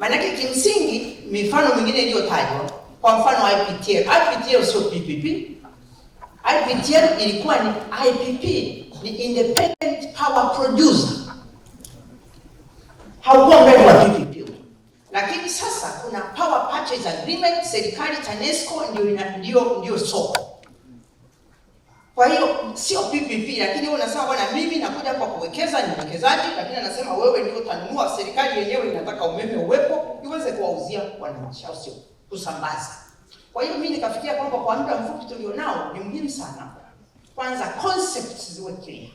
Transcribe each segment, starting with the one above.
Maanake kimsingi mifano mingine iliyotajwa, kwa mfano IPTL. IPTL sio PPP. IPTL ilikuwa ni IPP, ni independent power producer, haukuwa mbele wa PPP. Lakini sasa kuna power purchase agreement, serikali TANESCO ndio ndio ndio soko kwa hiyo sio PPP, lakini wewe unasema bwana, mimi nakuja kwa kuwekeza, ni mwekezaji, lakini anasema wewe ndio utanunua. Serikali yenyewe inataka umeme uwepo iweze kuwauzia wananchi, au sio kusambaza. Kwa hiyo mimi nikafikia kwamba kwa muda mfupi tulionao ni muhimu sana kwanza concepts ziwe clear.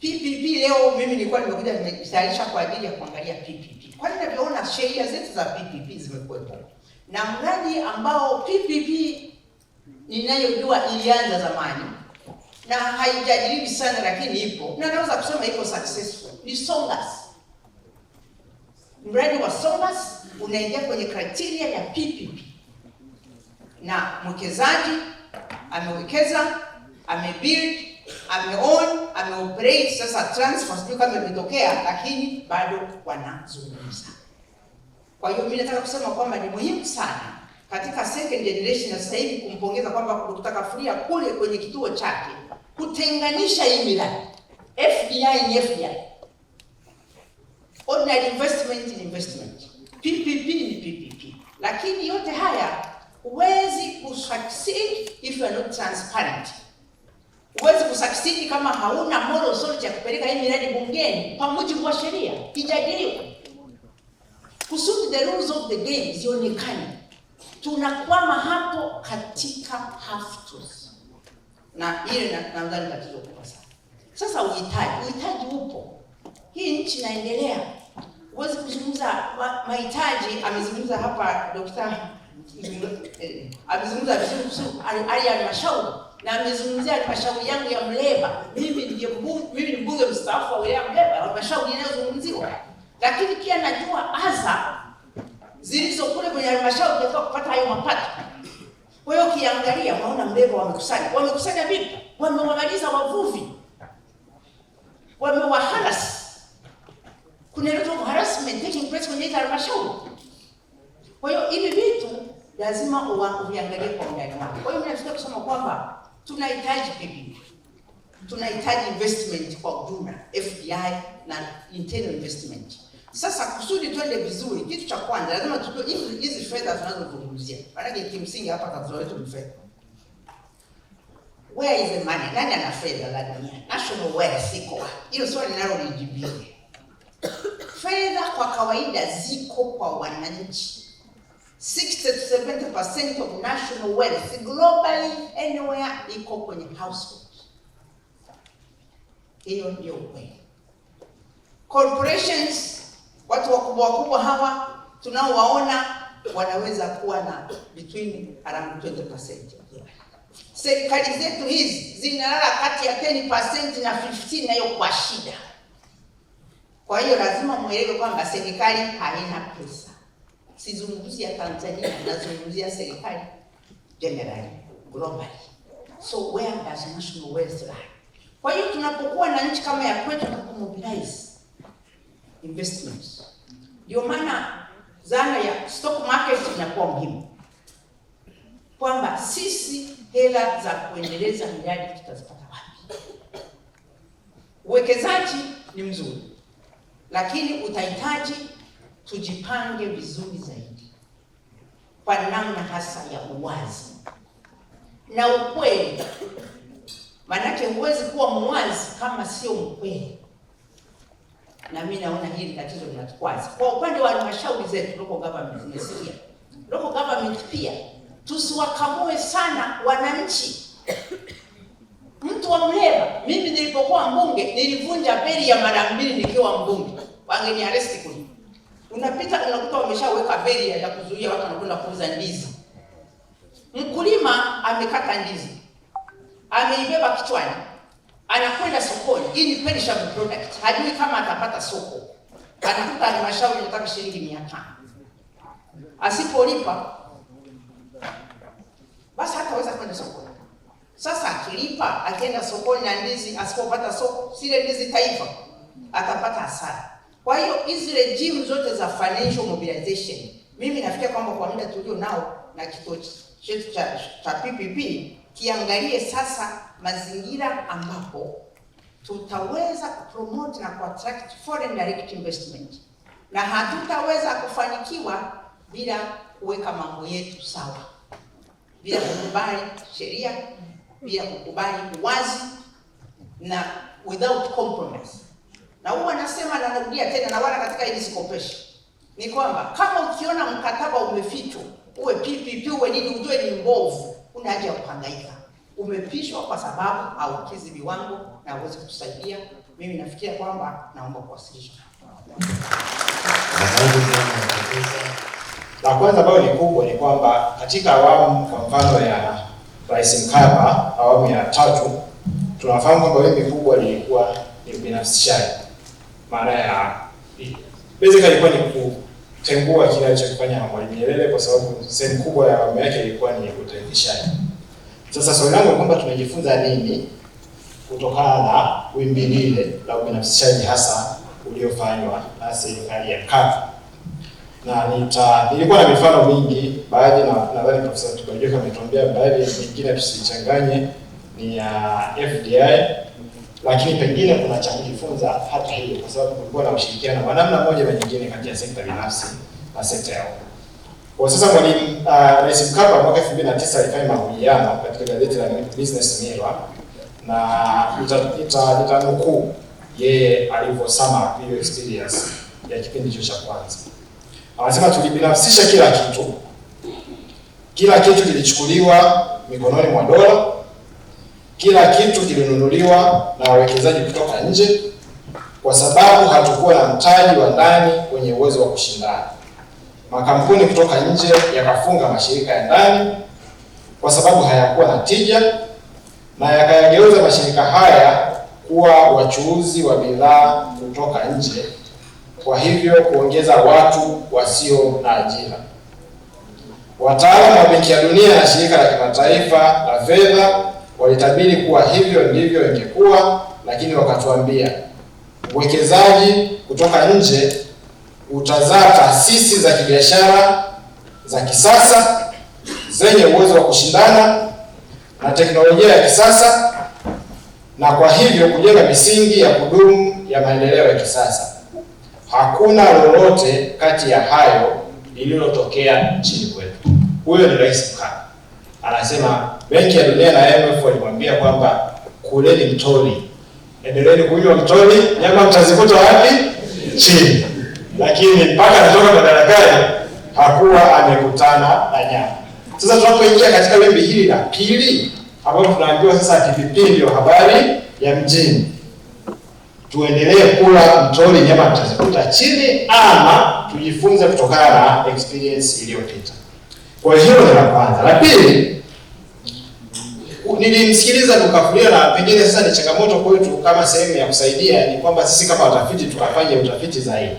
PPP leo mimi nilikuwa nimekuja nimejitayarisha kwa ajili ya kuangalia PPP. Kwa nini tunaona sheria zetu za PPP zimekuwepo na mradi ambao PPP ninayojua ilianza zamani na haijadiliki sana, lakini ipo na naweza kusema iko successful ni Songas. Mradi wa Songas unaingia kwenye kriteria ya PPP na mwekezaji amewekeza, amebuild, ameon ameoperate. Sasa transfer sijui kama imetokea, lakini bado wanazungumza. Kwa hiyo mi nataka kusema kwamba ni muhimu sana katika second generation ya sasa hivi, kumpongeza kwamba kutaka free kule kwenye kituo chake kutenganisha hii miradi FDI ni FDI, ordinary investment ni investment, PPP ni PPP, lakini yote haya huwezi kusucceed if you are not transparent. Huwezi kusucceed kama hauna moral authority ya kupeleka hii miradi bungeni kwa mujibu wa sheria ijadiliwe, kusudi the rules of the game zionekane tunakwama hapo katika half na ile nadhani tatizo kubwa sana. Sasa uhitaji uhitaji upo, hii nchi inaendelea, huwezi kuzungumza mahitaji. Amezungumza hapa Dokta amezungumza vizuri ali halmashauri na amezungumzia halmashauri yangu ya Mleba. Mimi ndiye mimi ni mbunge mstaafu wa wilaya Mleba, halmashauri inayozungumziwa, lakini pia najua hasa zilizo kule kwenye halmashauri zinataka kupata hayo mapato. Kwa hiyo ukiangalia unaona Mbewa wamekusanya, wamekusanya vipi? Wamewamaliza wavuvi, wamewaharas. Kuna ile of harassment taking place kwenye halmashauri. Kwa hiyo hivi vitu lazima uviangalie kwa undani wake. Kwa hiyo mimi nataka kusema kwamba tunahitaji bidii, tunahitaji investment kwa ujumla, FDI na internal investment sasa kusudi twende vizuri, kitu cha kwanza lazima tujue hizi hizi fedha tunazozungumzia, maanake kimsingi hapa tatizo letu ni fedha. Where is the money? Nani ana fedha la dunia? National wealth siko. Hiyo swali nalo nijibie. Fedha kwa kawaida ziko kwa wananchi. 60 to 70% of national wealth globally anywhere iko kwenye household. Hiyo ndio kweli. Corporations Watu wakubwa wakubwa hawa tunaowaona wanaweza kuwa na between around 20%. Serikali zetu hizi zinalala kati ya 10% na 15 nayo kwa shida. Kwa hiyo lazima mwelewe kwamba serikali haina pesa. ya Tanzania, nazungumzia serikali general global. So where does national wealth lie? Kwa hiyo tunapokuwa na nchi kama ya kwetu na kumobilize investments. Ndio maana zana ya stock market inakuwa muhimu, kwamba sisi hela za kuendeleza miradi tutazipata wapi? Uwekezaji ni mzuri, lakini utahitaji tujipange vizuri zaidi kwa namna hasa ya uwazi na ukweli, maanake huwezi kuwa mwazi kama sio mkweli na mimi naona hili tatizo linatukwaza. Kwa upande wa halmashauri zetu local government zimesikia. Local government pia tusiwakamue sana wananchi. Mtu wa Mleba, mimi nilipokuwa mbunge nilivunja beli ya mara mbili nikiwa mbunge. Wangeni arrest kuni. Unapita unakuta wameshaweka beli ya kuzuia watu wanakwenda kuuza ndizi. Mkulima amekata ndizi. Ameibeba kichwani anakwenda sokoni, hii ni perishable product, hajui kama atapata soko, anakuta halmashauri inataka shilingi mia tano asipolipa basi hataweza kwenda sokoni. Sasa akilipa akienda sokoni na ndizi, asipopata soko, sile ndizi taifa atapata hasara. Kwa hiyo hizi rejimu zote za financial mobilization, mimi nafikia kwamba kwa muda tulio nao na kituo chetu cha PPP kiangalie sasa mazingira ambapo tutaweza kupromote na kuattract foreign direct investment, na hatutaweza kufanikiwa bila kuweka mambo yetu sawa, bila kukubali sheria, bila kukubali uwazi na without compromise. Na huwa nasema na narudia tena, na wala katika hizi sikopeshi, ni kwamba kama ukiona mkataba umefichwa, uwe PPP uwe nini, ujue ni mbovu, una haja ya kuhangaika umepishwa kwa sababu haukizi viwango na uweze kutusaidia. Mimi nafikia kwamba naomba kuwasilisha la kwanza ambayo ni kubwa ni kwamba katika awamu kwa mfano ya Rais Mkapa awamu ya tatu, tunafahamu kwamba wimbi kubwa lilikuwa ni ubinafsishaji. Maana ya basically ilikuwa ni kutengua kile alichofanya Mwalimu Nyerere, kwa sababu sehemu kubwa ya awamu yake ilikuwa ni utaifishaji sasa swali langu kwamba tumejifunza nini kutokana na wimbi lile la ubinafsishaji hasa uliofanywa na serikali ya kata, na nita nilikuwa na mifano mingi, baadhi na nadhani Profesa Tukajoka ametuambia baadhi, mingine tusichanganye ni ya FDI lakini pengine kuna cha kujifunza hata hiyo, kwa sababu kulikuwa na ushirikiano wa namna moja na nyingine kati ya sekta binafsi na sekta ya umma. Kwa sasa mwalimu uh, Rais Mkapa mwaka 2009 alifanya mahojiano katika gazeti la Business Mirror na nitanukuu yeye alivyosema hiyo experience ya kipindi hicho cha kwanza. Anasema tulibinafsisha kila kitu, kila kitu kilichukuliwa mikononi mwa dola, kila kitu kilinunuliwa na wawekezaji kutoka nje, kwa sababu hatukuwa na mtaji wa ndani wenye uwezo wa kushindana. Makampuni kutoka nje yakafunga mashirika ya ndani kwa sababu hayakuwa na tija na yakayageuza mashirika haya kuwa wachuuzi wa bidhaa kutoka nje, kwa hivyo kuongeza watu wasio na ajira. Wataalamu wa Benki ya Dunia na Shirika la Kimataifa la Fedha walitabiri kuwa hivyo ndivyo ingekuwa, lakini wakatuambia uwekezaji kutoka nje utazaa taasisi za kibiashara za kisasa zenye uwezo wa kushindana na teknolojia ya kisasa na kwa hivyo kujenga misingi ya kudumu ya maendeleo ya kisasa. Hakuna lolote kati ya hayo lililotokea nchini kwetu. Huyo ni Rais Mkapa anasema, Benki ya Dunia na IMF walimwambia kwamba kuleni mtoli, endeleni kunywa mtoli, nyama mtazikuta wapi? Chini lakini mpaka anatoka madarakani hakuwa amekutana na nyama. Sasa tunapoingia katika wimbi hili la pili, ambapo tunaambiwa sasa TPP ndio habari ya mjini, tuendelee kula mtori nyama tutazikuta chini, ama tujifunze kutokana na experience iliyopita. Kwa hiyo ni la kwanza. La pili nilimsikiliza tukafulia, na pengine sasa ni changamoto kwetu kama sehemu ya kusaidia, ni kwamba sisi kama watafiti tukafanya utafiti zaidi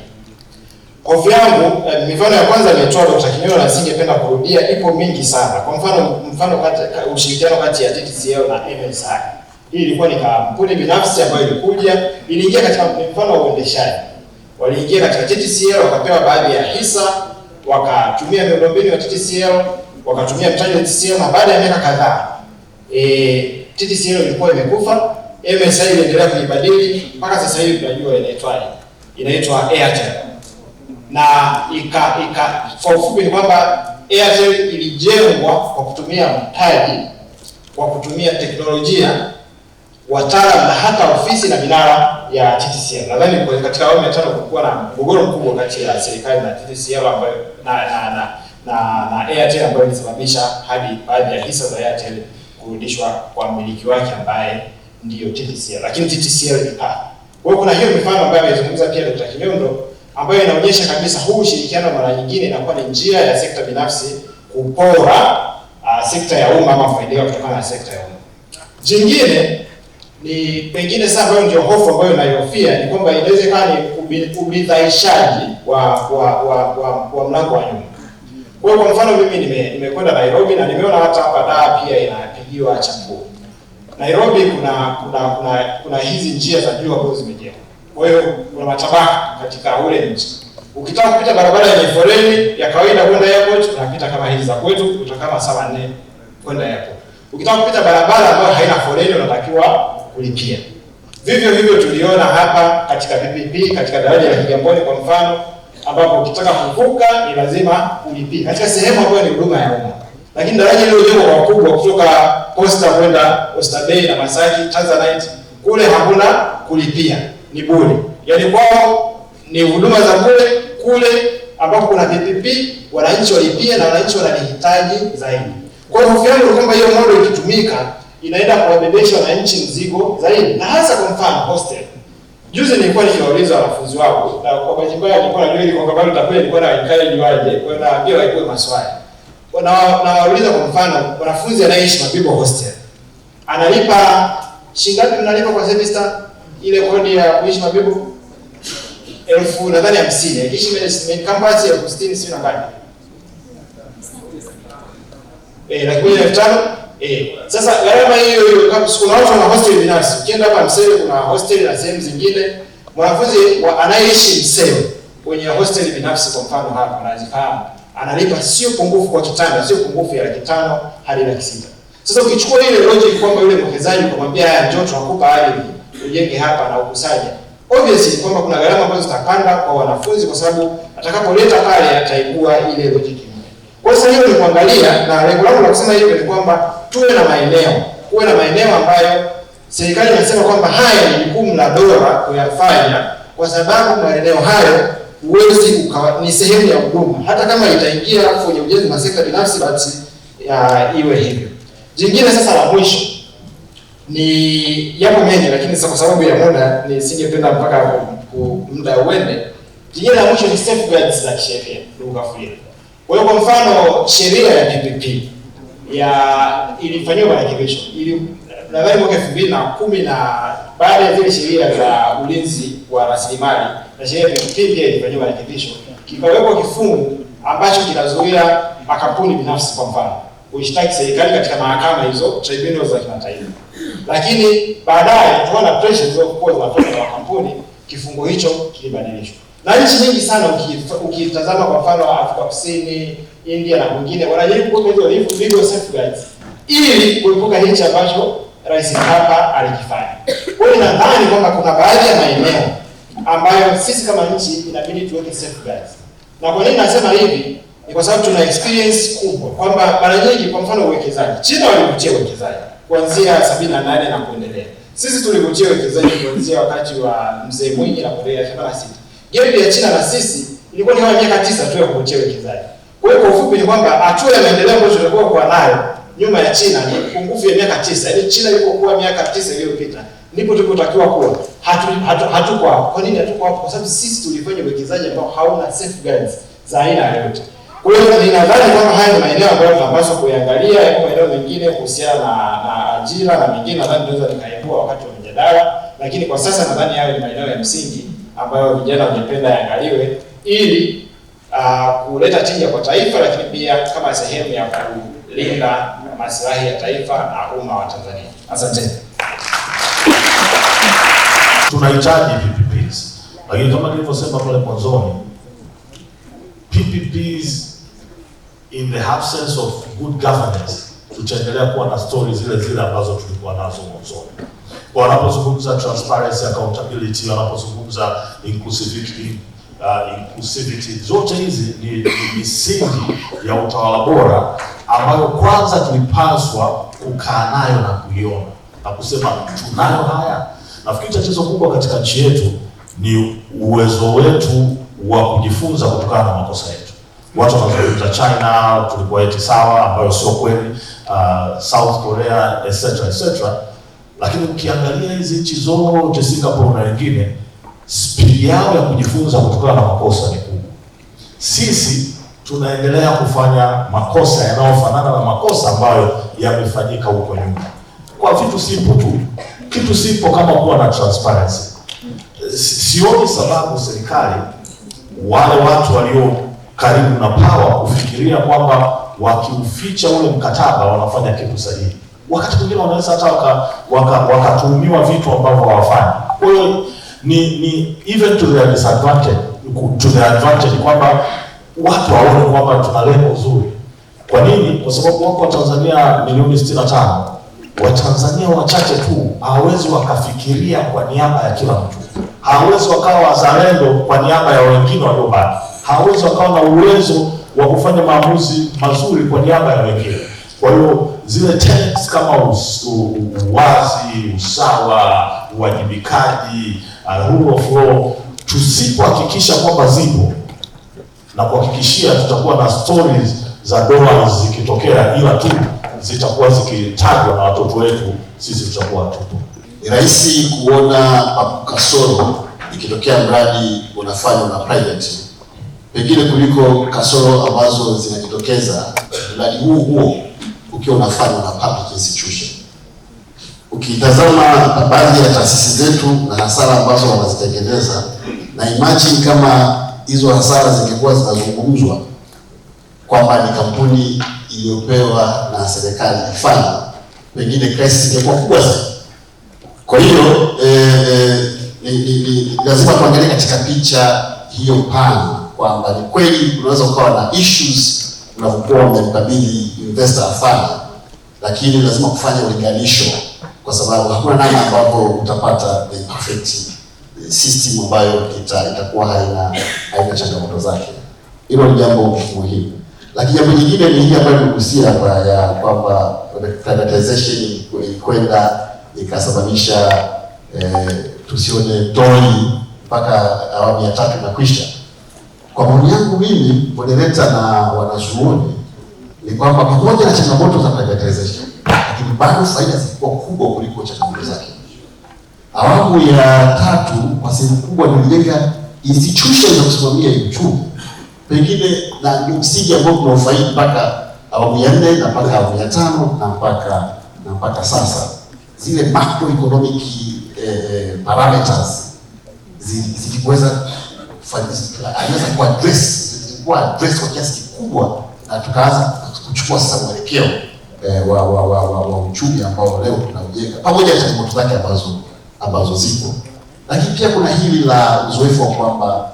Hofu yangu eh, mifano ya kwanza imetoa Dr. Kinyoro na singependa kurudia, ipo mingi sana. Kwa mfano mfano kati ushirikiano kati ya TTCL na MSI. Hii ilikuwa ni kampuni binafsi ambayo ilikuja, iliingia katika mfano wa uendeshaji. Waliingia katika TTCL wakapewa baadhi ya hisa, wakatumia miundombinu ya TTCL, wakatumia mtaji wa TTCL na baada ya miaka kadhaa eh, TTCL ilikuwa imekufa, MSI iliendelea kuibadili mpaka sasa hivi tunajua inaitwa Inaitwa Airtel na ika, ika kwa ufupi ni kwamba Airtel ilijengwa kwa kutumia mtaji, kwa kutumia teknolojia, wataalamu na hata ofisi na minara ya TTCL. Nadhani katika awamu ya tano kulikuwa na mgogoro mkubwa kati ya serikali na TTCL ambayo na na na na, na Airtel ambayo ilisababisha hadi baadhi ya hisa za Airtel kurudishwa kwa mmiliki wake ambaye ndiyo TTCL, lakini TTCL ipaa. Kwa hiyo kuna hiyo mifano ambayo amezungumza pia Dr. Kinyondo ambayo inaonyesha kabisa huu ushirikiano mara nyingine inakuwa ni njia ya sekta binafsi kupora uh, sekta ya umma ama faidika kutokana na sekta ya umma. Jingine ni pengine sasa, ambayo ndio hofu ambayo inayofia ni kwamba inaweza ikawa ni ubidhaishaji wa wa wa wa, wa mlango wa nyuma. Kwa kwa mfano mimi nimekwenda nime, Nairobi na nimeona hata hapa daa pia inapigiwa chapuo. Nairobi kuna kuna kuna, kuna hizi njia za juu ambazo zimejengwa kwa hiyo kuna matabaka katika ule mji. Ukitaka kupita barabara yenye foleni ya kawaida kwenda airport, tunapita kama hizi za kwetu, utakama kama 74 kwenda airport. Ukitaka kupita barabara ambayo haina foleni, unatakiwa kulipia. Vivyo hivyo tuliona hapa katika PPP katika daraja la Kigamboni kwa mfano, ambapo ukitaka kuvuka ni lazima ulipie katika sehemu ambayo ni huduma ya umma. Lakini daraja hilo jengo kwa kubwa kutoka Posta kwenda Oysterbay na Masaki Tanzanite, kule hakuna kulipia ni bure, yaani kwao ni huduma za bure kule ambapo kuna PPP, wananchi walipia na wananchi wanalihitaji zaidi. Kwa hiyo hofu yangu ni kwamba hiyo model ikitumika inaenda kuwabebesha wananchi mzigo zaidi, na hasa kwa mfano hostel. Juzi nilikuwa nikiwauliza wanafunzi wangu na kwa bahati mbaya nilikuwa najua ile kwamba bado takwenda nilikuwa na encourage waje, kwa na naambia waikuwe maswali. Na nawauliza kwa mfano wanafunzi anayeishi Mabibo hostel analipa shilingi ngapi mnalipa kwa semester? ile kodi ya kuishi mabibu elfu nadhani hamsini kambasi elfu sitini sio na ngapi eh, laki moja elfu tano eh. Sasa gharama hiyo hiyo kama kuna watu wana hostel binafsi, ukienda hapa Msele kuna hostel na sehemu zingine, mwanafunzi anayeishi Msele kwenye hostel binafsi kwa mfano hapa anazifahamu, analipa sio pungufu kwa kitanda, sio pungufu ya laki tano hadi laki sita. Sasa ukichukua ile logic kwamba yule mwekezaji kumwambia haya, njoo tunakupa ardhi tujenge hapa na ukusaje. Obviously kwamba kuna gharama ambazo zitapanda kwa wanafunzi, kwa sababu atakapoleta pale ataibua ile logic moja. Kwa hiyo hiyo ni kuangalia, na lengo langu la kusema hivyo ni kwamba tuwe na maeneo, kuwe na maeneo ambayo serikali inasema kwamba haya ni jukumu la dola kuyafanya, kwa sababu maeneo hayo huwezi ukawa ni sehemu ya huduma, hata kama itaingia kwenye ujenzi na sekta binafsi, basi iwe hivyo. Jingine sasa la mwisho ni yapo mengi, lakini sasa kwa sababu ya muda nisingependa mpaka muda uende. Jingine la mwisho ni safeguards za kisheria, lugha fulani. Kwa hiyo kwa mfano sheria ya PPP ya ilifanyiwa marekebisho ili nadhani mwaka elfu mbili na kumi na baada ya zile sheria za ulinzi wa rasilimali na sheria ya PPP pia ilifanyiwa marekebisho, kikawekwa kifungu ambacho kinazuia makampuni binafsi kwa mfano kuishtaki serikali katika mahakama hizo tribunal za kimataifa lakini baadaye kutokana na pressure zilizokuwa zinatoka kwa kampuni, kifungo hicho kilibadilishwa. Na nchi nyingi sana ukitazama, kwa mfano wa Afrika Kusini, India na kwingine, wanajaribu kuweka hizo legal safeguards ili kuepuka hichi ambacho Rais Mkapa alikifanya. Kwa hiyo nadhani kwamba kuna baadhi ya maeneo ambayo sisi kama nchi inabidi tuweke safeguards. Na kwa nini nasema hivi? Ni kwa sababu tuna experience kubwa kwamba mara nyingi, kwa mfano uwekezaji, China walivutia uwekezaji kuanzia sabini na nane na kuendelea. Sisi tulivutia uwekezaji kuanzia wakati wa mzee Mwinyi na kuendelea themanini la sita. Gepi ya China na sisi ilikuwa ni miaka tisa tu ya kuvutia uwekezaji. Kwa hiyo kwa ufupi ni kwamba hatua ya maendeleo ambayo tulikuwa kwa nayo nyuma ya China ni pungufu ya miaka tisa. Yaani China ilipokuwa miaka tisa iliyopita ndipo tulipotakiwa kuwa. Hatu hatu hatuko hapo. Kwa nini hatuko hapo? Kwa sababu sisi tulifanya uwekezaji ambao hauna safeguards za aina yoyote. Kwa hiyo ninadhani kama haya ni maeneo ambayo tunapaswa kuiangalia. Yako maeneo mengine kuhusiana na, na ajira na mengine nadhani tunaweza nikaibua wakati wa mjadala, lakini kwa sasa nadhani hayo ni maeneo ya msingi ambayo vijana wangependa yaangaliwe ili uh, kuleta tija kwa taifa, lakini pia kama sehemu ya kulinda maslahi ya taifa na umma wa Tanzania. Asante. Tunahitaji PPPs lakini kama nilivyosema pale mwanzoni PPPs in the absence of good governance tutaendelea kuwa na stori zile zile ambazo tulikuwa nazo mwanzoni. Kwa wanapozungumza transparency, accountability, wanapozungumza inclusivity, uh, inclusivity zote hizi ni misingi ya utawala bora ambayo kwanza tulipaswa kukaa nayo na kuiona na kusema tunayo haya. Nafikiri tatizo kubwa katika nchi yetu ni uwezo wetu wa kujifunza kutokana na makosa yetu watu wakazungumza China tulikuwa eti sawa, ambayo sio kweli, uh, South Korea etc etc, lakini ukiangalia hizi nchi zote Singapore na wengine, spidi yao ya kujifunza kutokana na makosa ni kubwa. Sisi tunaendelea kufanya makosa yanayofanana na makosa ambayo yamefanyika huko nyuma kwa vitu sipo tu, kitu sipo kama kuwa na transparency. Sioni sababu serikali wale watu walio karibu na Pawa kufikiria kwamba wakiuficha ule mkataba wanafanya kitu sahihi. Wakati mwingine wanaweza hata wakatuhumiwa waka, waka vitu ambavyo hawafanyi. Kwa hiyo ni, ni even to their disadvantage, to their advantage kwamba watu waone kwamba tuna lengo zuri. Kwa nini? Kwa sababu wako Tanzania milioni 65 Watanzania wachache tu hawawezi wakafikiria kwa niaba ya kila mtu, hawawezi wakawa wazalendo kwa niaba ya wengine waliobaki hawezi akawa na uwezo wa kufanya maamuzi mazuri kwa niaba ya wengine. Kwa hiyo zile tenets kama uwazi, usawa, uwajibikaji, uh, rule of law, tusipohakikisha kwamba zipo na kuhakikishia, tutakuwa na stories za doa zikitokea, ila tu zitakuwa zikitajwa na watoto wetu, sisi tutakuwa tupo. Ni rahisi kuona kasoro ikitokea mradi unafanywa na private pengine kuliko kasoro ambazo zinajitokeza mradi huu huo ukiwa unafanywa na public institution. Ukitazama baadhi ya taasisi zetu na hasara ambazo wanazitengeneza, na imagine kama hizo hasara zingekuwa zinazungumzwa kwamba ni kampuni iliyopewa na serikali mfano, pengine crisis ingekuwa kubwa zaidi. Kwa hiyo eh, eh, ni, ni, ni lazima tuangalie katika picha hiyo pana kwamba ni kweli unaweza ukawa na issues unapokuwa umemkabili investor afana, lakini lazima kufanya ulinganisho, kwa sababu hakuna namna ambapo utapata the perfect eh, system ambayo itakuwa haina haina changamoto zake. Hilo ni jambo muhimu, lakini jambo jingine ni hii ambayo kwa ya kwamba privatization kwenda ikasababisha eh, tusione toi mpaka awamu ya tatu inakwisha. Kwa maoni yangu mimi moderator na wanazuoni ni kwamba pamoja na changamoto za privatization, lakini bado faida zilikuwa kubwa kuliko changamoto zake. Awamu ya tatu kwa sehemu kubwa nilijenga institution za kusimamia uchumi, pengine na ni msingi ambao tunaufaidi mpaka awamu ya nne na mpaka awamu ya tano na mpaka na mpaka sasa zile macroeconomic eh, eh parameters zilikuweza anaweza address kwa kiasi kikubwa, na tukaanza kuchukua sasa mwelekeo eh, wa wa wa wa uchumi ambao leo tunaujenga pamoja na changamoto zake ambazo ambazo zipo, lakini pia kuna hili la uzoefu wa kwamba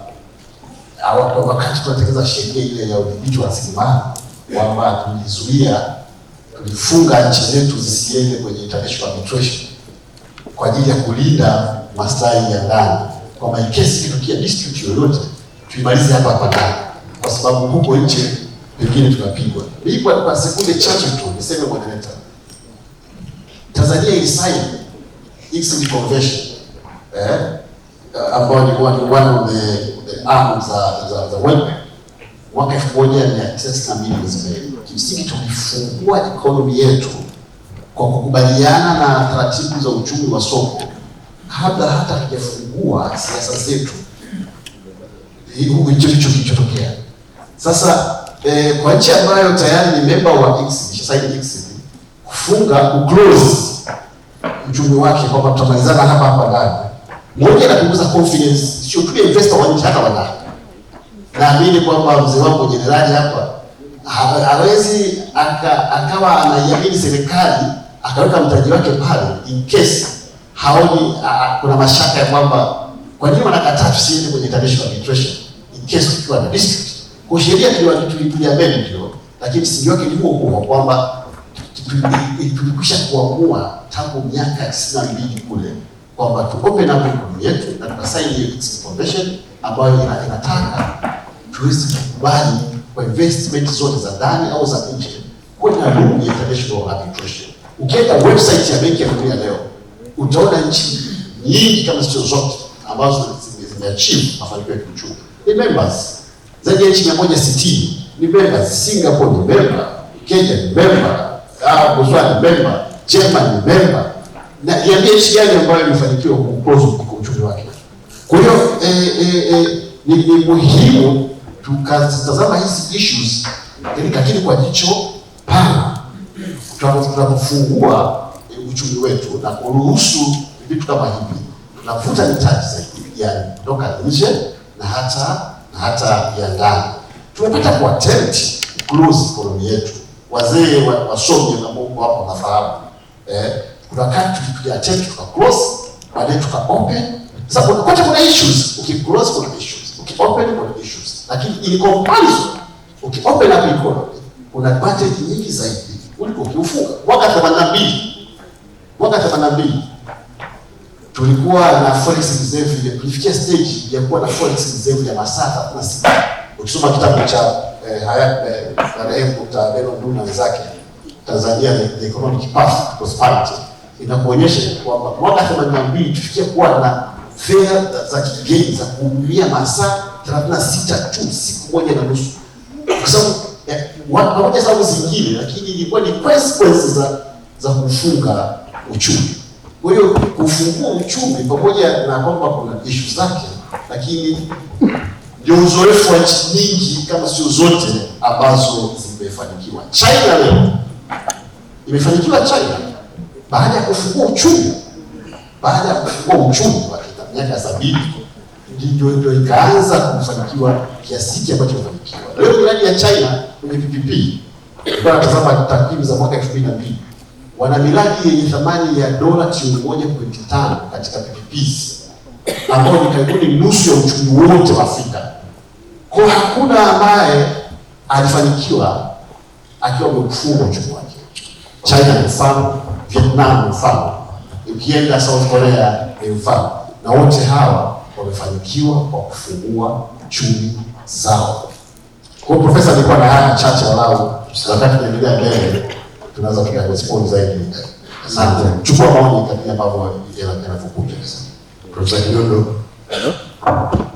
wakati tunatengeneza sheria ile ya udhibiti wa rasilimali kwamba tulizuia tulifunga nchi zetu zisiende kwenye international arbitration kwa ajili ya kulinda maslahi ya ndani kwamba kesi ikitokea district yoyote tuimalize hapa hapa ndani, kwa sababu huko nje pengine tunapigwa pigwa kwa sekunde chache tu. Niseme moderator, Tanzania ilisaini Helsinki Convention eh, ambao ni one of the arms za za, za World mwaka elfu moja mia tisa na mbili mwezi Mei. Kimsingi tulifungua ekonomi yetu kwa kukubaliana na taratibu za uchumi wa soko kabla hata hatujafungua siasa zetu, hicho hicho kilichotokea. Sasa eh, kwa nchi ambayo tayari ni memba wa ICSID kufunga close uchumi wake kwamba tutamalizana hapa hapa ndani, moja inapunguza confidence, sio tu investor wa nchi, hata wala Naamini kwamba mzee wangu jenerali hapa hawezi akawa anaiamini serikali akaweka mtaji wake pale in case haoni uh, kuna mashaka ya kwamba kwa nini wanakataa tusiende kwenye international arbitration in case tukiwa na dispute. Kwa sheria mbele ndio, lakini msingi wake ni huo huo kwamba tulikwisha kuamua tangu miaka tisini na mbili kule kwamba tuope na mikono yetu na tukasaini hiyo convention ambayo inataka tuweze kukubali kwa investment zote za ndani au za nje kwenye ya international arbitration. Ukienda website ya Benki ya Dunia leo utaona nchi nyingi kama sio zote ambazo zimeachieve mafanikio ya kiuchumi ni members zaidi ya nchi mia moja sitini ni members. Singapore ni member, Kenya ni member, ah, Botswana ni member, Germany ni member. Na niambie nchi gani ambayo imefanikiwa kukuza uchumi wake? Kwa hiyo eh, eh, eh, ni, ni muhimu tukazitazama hizi issues lakini kwa jicho pana tunapofungua uchumi wetu na kuruhusu vitu kama hivi, tunavuta mitaji zaidi ya kutoka nje na hata na hata ya ndani. Tumepata kwa tent close economy yetu, wazee wasomi na Mungu hapo wanafahamu eh, kuna wakati tulipiga tent tuka close, baadaye tuka open. Sasa kuna kote kuna issues, ukiclose kuna issues, ukiopen kuna issues, lakini in comparison ukiopen up economy kuna budget nyingi zaidi kuliko ukifunga mwaka 82 mwaka themanini na mbili tulikuwa na forex reserve ya kufikia stage ya kuwa na forex reserve ya masaa thelathini na sita. Ukisoma kitabu cha eh, eh, marehemu Dr. Bernard Ndu na wenzake Tanzania the the Economic Path to Prosperity inakuonyesha kwamba mwaka themanini na mbili tufikia kuwa na fedha za kigeni za kuhudumia masaa thelathini na sita tu siku moja na nusu kwa sababu eh, pamoja sababu zingine, lakini ilikuwa ni consequences za kufunga uchumi. Kwa hiyo kufungua uchumi, pamoja na kwamba kuna ishu zake, lakini ndio uzoefu wa nchi nyingi kama sio zote ambazo zimefanikiwa. China leo imefanikiwa China baada ya kufungua uchumi, baada ya kufungua uchumi kwa miaka sabini ndio ndio ikaanza kufanikiwa kiasi hiki ambacho kufanikiwa leo. Miradi ya China kwenye PPP, natazama takwimu za mwaka elfu mbili na mbili wana miradi yenye thamani ya dola trilioni moja pointi tano katika PPPs ambayo ni karibuni nusu ya uchumi wote wa Afrika. Kwa hakuna ambaye alifanikiwa akiwa amefungwa uchumi wake. China ni mfano, Vietnam ni mfano, ukienda South Korea ni mfano, na wote hawa wamefanikiwa kwa kufungua uchumi zao. Kwa hiyo, Profesa alikuwa na haya chache walau wakati tunaendelea mbele tunaweza tuka zaidi. Asante. Chukua maoni kadri ambavyo yanavyokuja sasa. Profesa Kidondo. Hello.